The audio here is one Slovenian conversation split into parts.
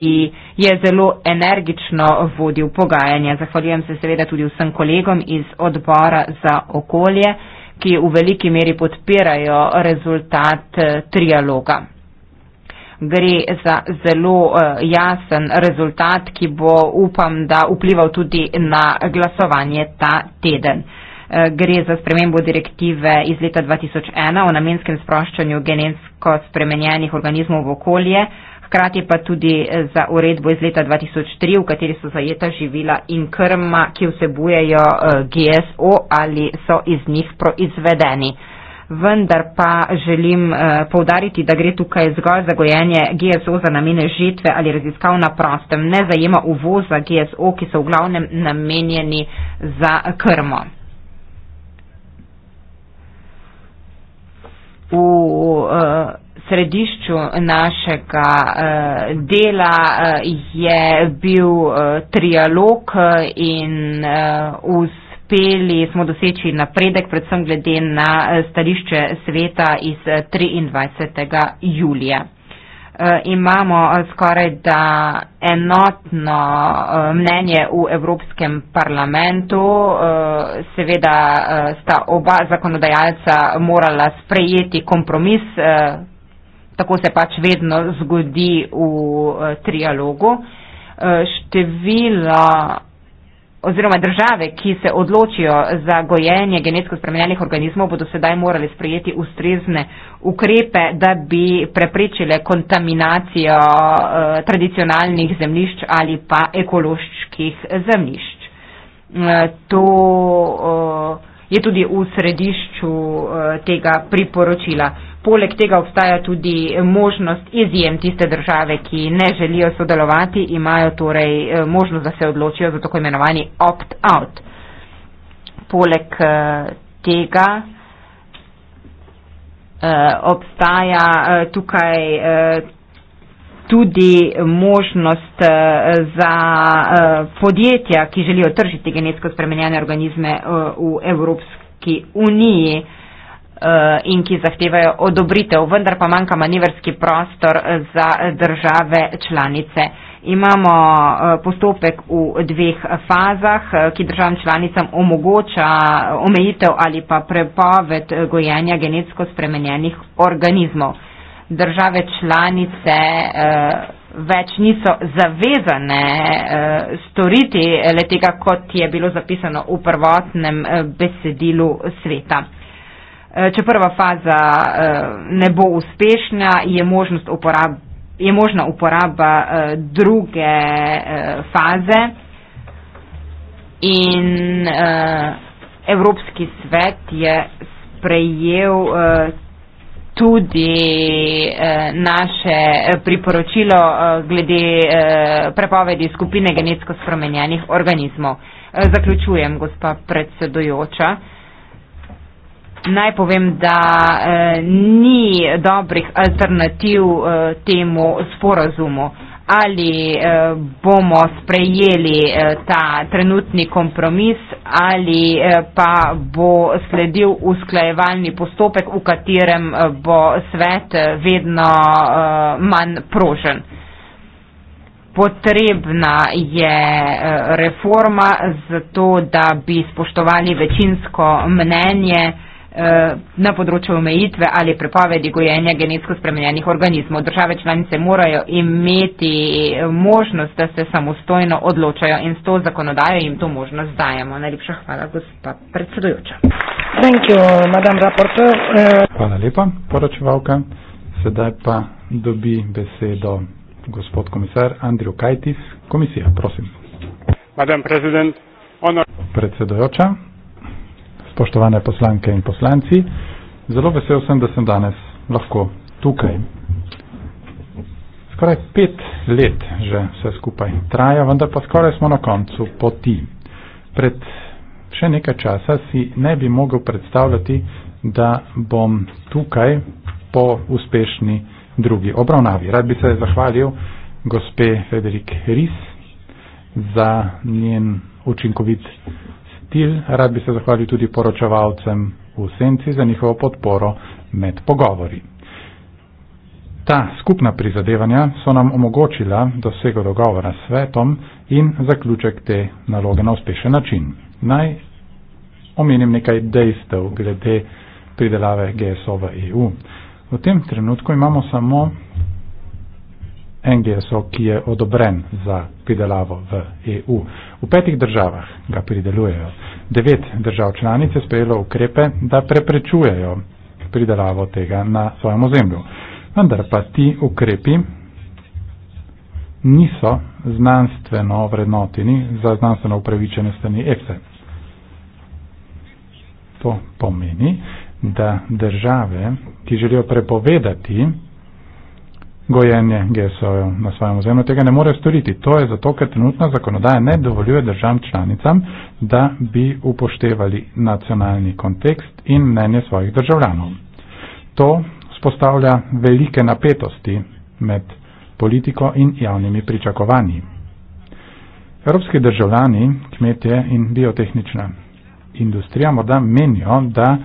ki je zelo energično vodil pogajanja. Zahvaljujem se seveda tudi vsem kolegom iz odbora za okolje, ki v veliki meri podpirajo rezultat eh, trialoga. Gre za zelo eh, jasen rezultat, ki bo, upam, da vplival tudi na glasovanje ta teden. Eh, gre za spremembo direktive iz leta 2001 o namenskem sproščanju genetsko spremenjenih organizmov v okolje, hkrati pa tudi eh, za uredbo iz leta 2003, v kateri so zajeta živila in krma, ki vsebujejo eh, GSO ali so iz njih proizvedeni. Vendar pa želim eh, povdariti, da gre tukaj zgolj za gojenje GSO za namene žitve ali raziskav na prostem, ne zajema uvoza GSO, ki so v glavnem namenjeni za krmo. U, eh, središču našega eh, dela eh, je bil eh, trialog in uspeli smo doseči napredek, predvsem glede na stališče sveta iz 23. julija. Imamo skoraj da enotno mnenje v Evropskem parlamentu. Seveda sta oba zakonodajalca morala sprejeti kompromis, tako se pač vedno zgodi v eh, trialogu. Eh, števila oziroma države, ki se odločijo za gojenje genetsko spremenjenih organizmov, bodo sedaj morali sprejeti ustrezne ukrepe, da bi preprečile kontaminacijo eh, tradicionalnih zemlišč ali pa ekoloških zemlišč. Eh, to eh, je tudi v središču eh, tega priporočila. Eh, Poleg tega obstaja tudi možnost izjem tiste države, ki ne želijo sodelovati, imajo torej eh, možnost, da se odločijo za tako imenovani opt-out. Poleg eh, tega eh, obstaja tukaj tudi možnost za podjetja, ki želijo tržiti genetsko spremenjene organizme v Evropski uniji. Eh, in ki zahtevajo odobritev, vendar pa manjka manevrski prostor eh, za države članice. Imamo eh, postopek v dveh fazah, ki državam članicam omogoča omejitev ali pa prepoved gojenja genetsko spremenjenih organizmov. Države članice več niso zavezane storiti le tega, kot je bilo zapisano v prvotnem besedilu sveta. Eh, če prva faza eh, ne bo uspešna, je možnost uporab je možna uporaba eh, druge eh, faze in eh, Evropski svet je sprejel eh, tudi eh, naše priporočilo eh, glede eh, prepovedi skupine genetsko spremenjenih organizmov. Eh, zaključujem, gospa predsedujoča. Eh, naj povem, da eh, ni dobrih alternativ eh, temu sporazumu. Ali eh, bomo sprejeli eh, ta trenutni kompromis ali eh, pa bo sledil usklajevalni postopek, v katerem eh, bo svet eh, vedno eh, manj prožen. Potrebna je eh, reforma zato, da bi spoštovali večinsko mnenje. Eh, na področju omejitve ali prepovedi gojenja genetsko spremenjenih organizmov. Države članice morajo imeti možnost, da se samostojno odločajo in s to zakonodajo jim to možnost dajemo. Najlepša hvala, gospa predsedujoča. You, eh, hvala lepa, poročevalka. Sedaj pa dobi besedo gospod komisar Andrew Kajtis. Komisija, prosim. Madam, predsedujoča spoštovane poslanke in poslanci. Zelo vesel sem, da sem danes lahko tukaj. Skoraj pet let že vse skupaj traja, vendar pa skoraj smo na koncu poti. Pred še nekaj časa si ne bi mogel predstavljati, da bom tukaj po uspešni drugi obravnavi. Rad bi se zahvalil gospe Federik Ris za njen učinkovit Til, rad bi se zahvalil tudi poročevalcem v Senci za njihovo podporo med pogovori. Ta skupna prizadevanja so nam omogočila dosego dogovora s svetom in zaključek te naloge na uspešen način. Naj omenim nekaj dejstev glede pridelave GSO v EU. V tem trenutku imamo samo NGSO, ki je odobren za pridelavo v EU. V petih državah ga pridelujejo. Devet držav članic je sprejelo ukrepe, da preprečujejo pridelavo tega na svojem ozemlju. Vendar pa ti ukrepi niso znanstveno vrednoteni za znanstveno upravičene strani EFSE. E. To pomeni, da države, ki želijo prepovedati gojenje GSO-jev na svojem ozemlju. Tega ne morejo storiti. To je zato, ker trenutna zakonodaja ne dovoljuje državam članicam, da bi upoštevali nacionalni kontekst in mnenje svojih državljanov. To spostavlja velike napetosti med politiko in javnimi pričakovanji. Evropski državljani, kmetje in biotehnična industrija morda menijo, da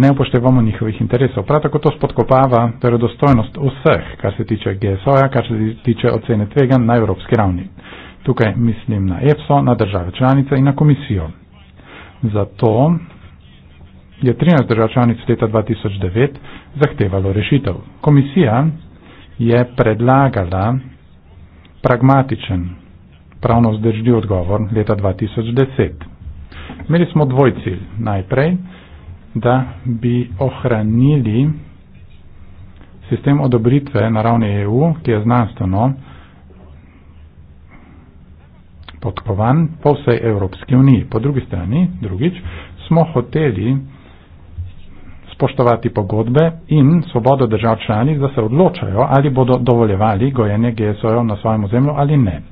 ne upoštevamo njihovih interesov. Prav tako to spodkopava verodostojnost vseh, kar se tiče GSO-ja, kar se tiče ocene tvega na evropski ravni. Tukaj mislim na EPSO, na države članice in na komisijo. Zato je 13 držav članic leta 2009 zahtevalo rešitev. Komisija je predlagala pragmatičen, pravno vzdržljiv odgovor leta 2010. Imeli smo dvoj cilj. Najprej, da bi ohranili sistem odobritve na ravni EU, ki je znanstveno podkovan po vsej Evropski uniji. Po drugi strani, drugič, smo hoteli spoštovati pogodbe in svobodo držav članic, da se odločajo, ali bodo dovoljevali gojenje GSO-jev na svojem ozemlju ali ne.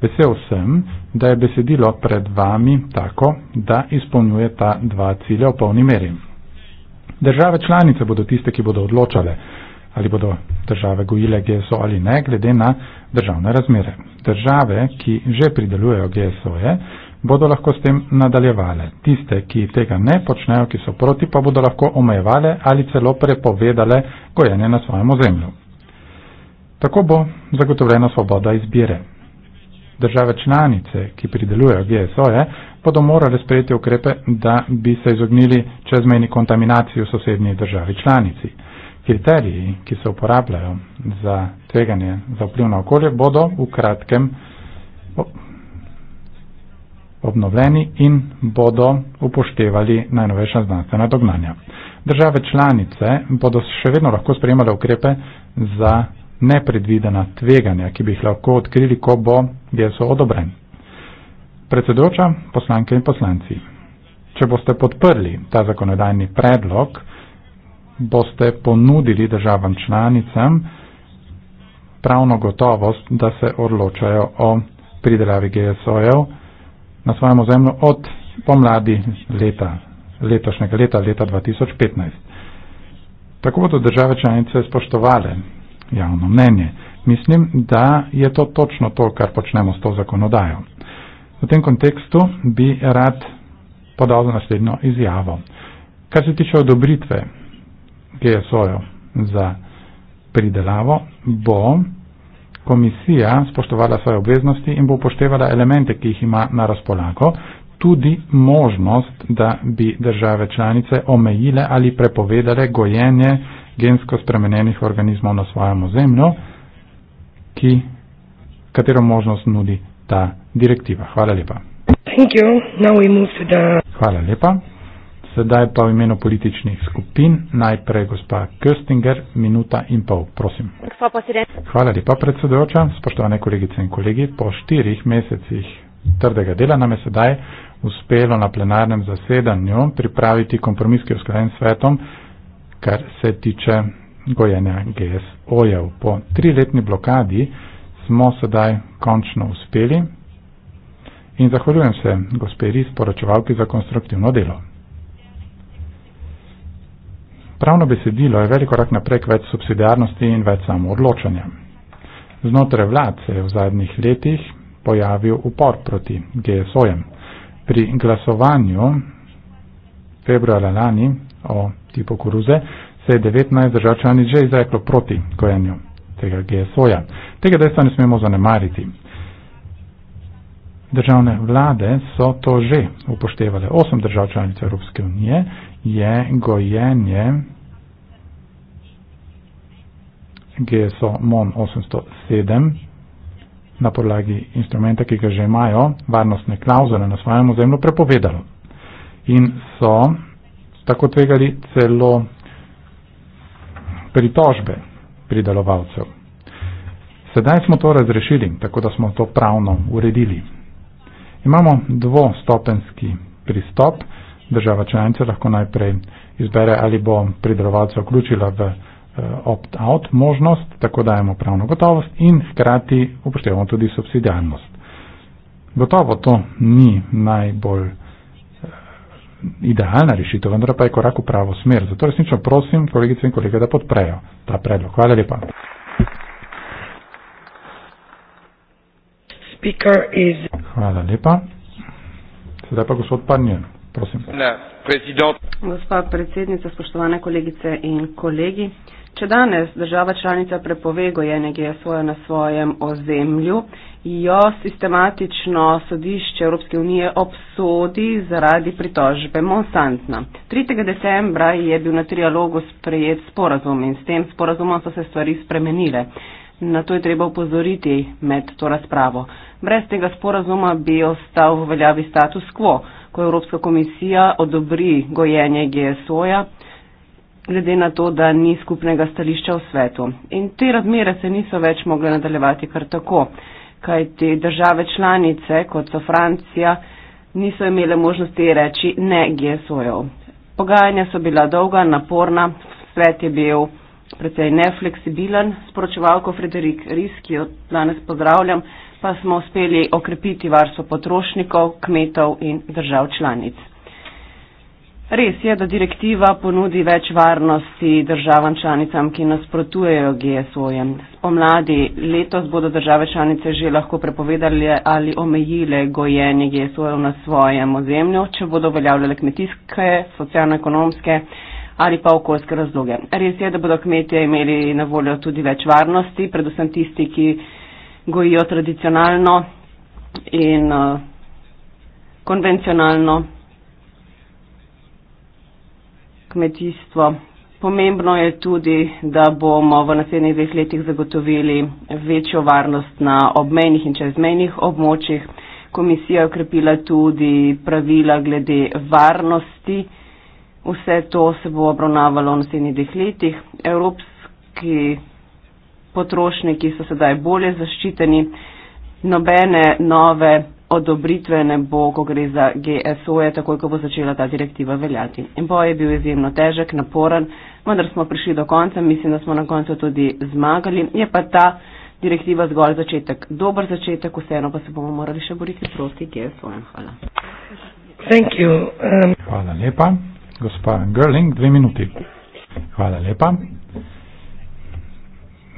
Vesel sem, da je besedilo pred vami tako, da izpolnjuje ta dva cilja v polni meri. Države članice bodo tiste, ki bodo odločale, ali bodo države gojile GSO ali ne, glede na državne razmere. Države, ki že pridelujejo GSO-je, bodo lahko s tem nadaljevale. Tiste, ki tega ne počnejo, ki so proti, pa bodo lahko omejevale ali celo prepovedale gojenje na svojem ozemlju. Tako bo zagotovljena svoboda izbire države članice, ki pridelujejo GSO-je, bodo morali sprejeti ukrepe, da bi se izognili čezmejni kontaminaciji v sosednji državi članici. Kriteriji, ki se uporabljajo za tveganje za vpliv na okolje, bodo v kratkem obnovljeni in bodo upoštevali najnovejša znanstvena dognanja. Države članice bodo še vedno lahko sprejemale ukrepe za nepredvidena tveganja, ki bi jih lahko odkrili, ko bo GSO odobren. Predsedoča, poslanke in poslanci, če boste podprli ta zakonodajni predlog, boste ponudili državam članicam pravno gotovost, da se odločajo o pridelavi GSO-jev na svojem ozemlju od pomladi leta, letošnjega leta, leta 2015. Tako bodo države članice spoštovale javno mnenje. Mislim, da je to točno to, kar počnemo s to zakonodajo. V tem kontekstu bi rad podal naslednjo izjavo. Kar se tiče odobritve GSO-jo za pridelavo, bo komisija spoštovala svoje obveznosti in bo upoštevala elemente, ki jih ima na razpolago, tudi možnost, da bi države članice omejile ali prepovedale gojenje gensko spremenjenih organizmov na svojemu zemlju, ki, katero možnost nudi ta direktiva. Hvala lepa. Hvala lepa. Sedaj pa v imenu političnih skupin, najprej gospa Köstinger, minuta in pol, prosim. Hvala lepa, predsedujoča, spoštovane kolegice in kolegi. Po štirih mesecih trdega dela nam je sedaj uspelo na plenarnem zasedanju pripraviti kompromis, ki je usklajen s svetom, kar se tiče gojenja GSO-jev. Po triletni blokadi smo sedaj končno uspeli in zahvaljujem se gospodi sporočevalki za konstruktivno delo. Pravno besedilo je veliko rak naprej k več subsidijarnosti in več samoodločanja. Znotraj vlad se je v zadnjih letih pojavil upor proti GSO-jem. Pri glasovanju februarja lani o tipu koruze, se je 19 držav članic že izreklo proti gojenju tega GSO-ja. Tega dejstva ne smemo zanemariti. Državne vlade so to že upoštevale. Osem držav članic Evropske unije je gojenje GSO MON 807 na podlagi instrumenta, ki ga že imajo, varnostne klauzule na svojem ozemlju prepovedalo. In so tako tvegali celo pritožbe pridelovalcev. Sedaj smo to razrešili, tako da smo to pravno uredili. Imamo dvostopenski pristop. Država članica lahko najprej izbere, ali bo pridelovalce vključila v eh, opt-out možnost, tako dajemo pravno gotovost in hkrati upoštevamo tudi subsidijarnost. Gotovo to ni najbolj idealna rešitev, vendar pa je korak v pravo smer. Zato resnično prosim kolegice in kolege, da podprejo ta predlog. Hvala lepa. Is... Hvala lepa. Sedaj pa gospod Panjen, prosim. Gospa predsednica, spoštovane kolegice in kolegi. Če danes država članica prepove gojenje geja svoje na svojem ozemlju, jo sistematično sodišče Evropske unije obsodi zaradi pritožbe Monsantna. 3. decembra je bil na trialogu sprejet sporazum in s tem sporazumom so se stvari spremenile. Na to je treba upozoriti med to razpravo. Brez tega sporazuma bi ostal v veljavi status quo, ko Evropska komisija odobri gojenje GSO-ja, glede na to, da ni skupnega stališča v svetu. In te razmere se niso več mogle nadaljevati kar tako kajti države članice, kot so Francija, niso imele možnosti reči ne GSO-jo. Pogajanja so bila dolga, naporna, svet je bil precej nefleksibilen, sporočevalko Frederik Ries, ki jo danes pozdravljam, pa smo uspeli okrepiti varstvo potrošnikov, kmetov in držav članic. Res je, da direktiva ponudi več varnosti državam članicam, ki nasprotujejo GSO-jem. Spomladi letos bodo države članice že lahko prepovedali ali omejile gojenje GSO-jev na svojem ozemlju, če bodo veljavljale kmetijske, socialno-ekonomske ali pa okoljske razloge. Res je, da bodo kmetije imeli na voljo tudi več varnosti, predvsem tisti, ki gojijo tradicionalno in uh, konvencionalno kmetijstvo. Pomembno je tudi, da bomo v naslednjih dveh letih zagotovili večjo varnost na obmejnih in čezmejnih območjih. Komisija je ukrepila tudi pravila glede varnosti. Vse to se bo obravnavalo v naslednjih dveh letih. Evropski potrošniki so sedaj bolje zaščiteni. Nobene nove odobritve ne bo, ko gre za GSO-je, takoj, ko bo začela ta direktiva veljati. In boj je bil izjemno težek, naporen, vendar smo prišli do konca, mislim, da smo na koncu tudi zmagali. Je pa ta direktiva zgolj začetek, dober začetek, vseeno pa se bomo morali še boriti proti GSO-je. Hvala. Um... Hvala lepa. Gospa Gerling, dve minuti. Hvala lepa.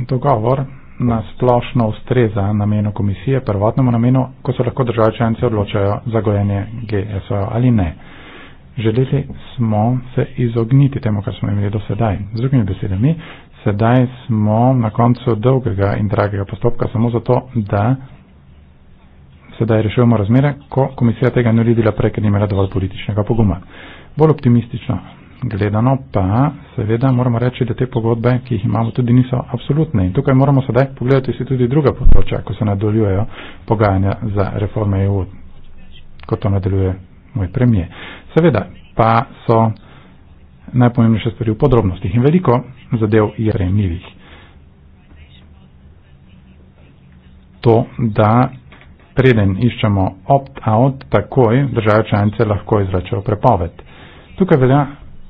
Dogovor na splošno ustreza namenu komisije, prvotnemu namenu, ko se lahko države članice odločajo za gojenje GSO ali ne. Želeli smo se izogniti temu, kar smo imeli do sedaj. Z drugimi besedami, sedaj smo na koncu dolgega in dragega postopka samo zato, da sedaj rešujemo razmere, ko komisija tega ni naredila prej, ker ni imela dovolj političnega poguma. Bolj optimistično gledano pa seveda moramo reči, da te pogodbe, ki jih imamo, tudi niso absolutne. In tukaj moramo sedaj pogledati si tudi druga področja, ko se nadaljujejo pogajanja za reforme EU, kot to nadaljuje moj premije. Seveda pa so najpomembnejše stvari v podrobnostih in veliko zadev je premivih. To, da preden iščemo opt-out, takoj države članice lahko izračajo prepoved. Tukaj velja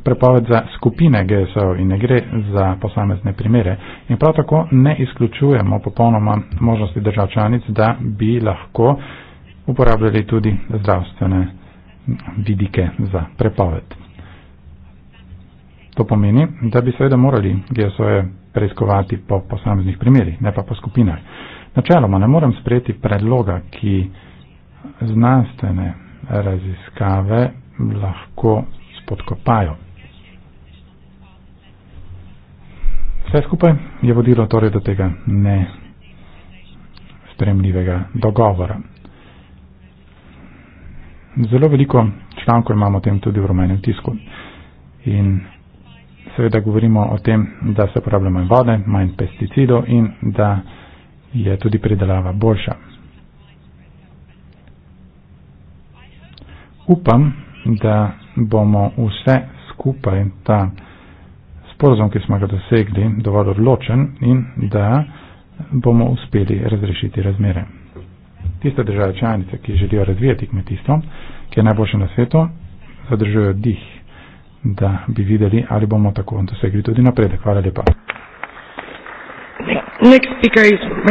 prepoved za skupine GSO in ne gre za posamezne primere. In prav tako ne izključujemo popolnoma možnosti držav članic, da bi lahko uporabljali tudi zdravstvene vidike za prepoved. To pomeni, da bi seveda morali GSO-je preiskovati po posameznih primerih, ne pa po skupinah. Načeloma ne morem sprejeti predloga, ki znanstvene raziskave lahko spodkopajo. Vse skupaj je vodilo torej do tega ne stremljivega dogovora. Zelo veliko člankov imamo o tem tudi v rumenem tisku. In seveda govorimo o tem, da se uporablja manj vode, manj pesticidov in da je tudi pridelava boljša. Upam, da bomo vse skupaj ta sporozum, ki smo ga dosegli, dovolj odločen in da bomo uspeli razrešiti razmere. Tiste države članice, ki želijo razvijati kmetijstvo, ki je najboljše na svetu, zadržujejo dih, da bi videli, ali bomo tako dosegli tudi napredek. Hvala lepa.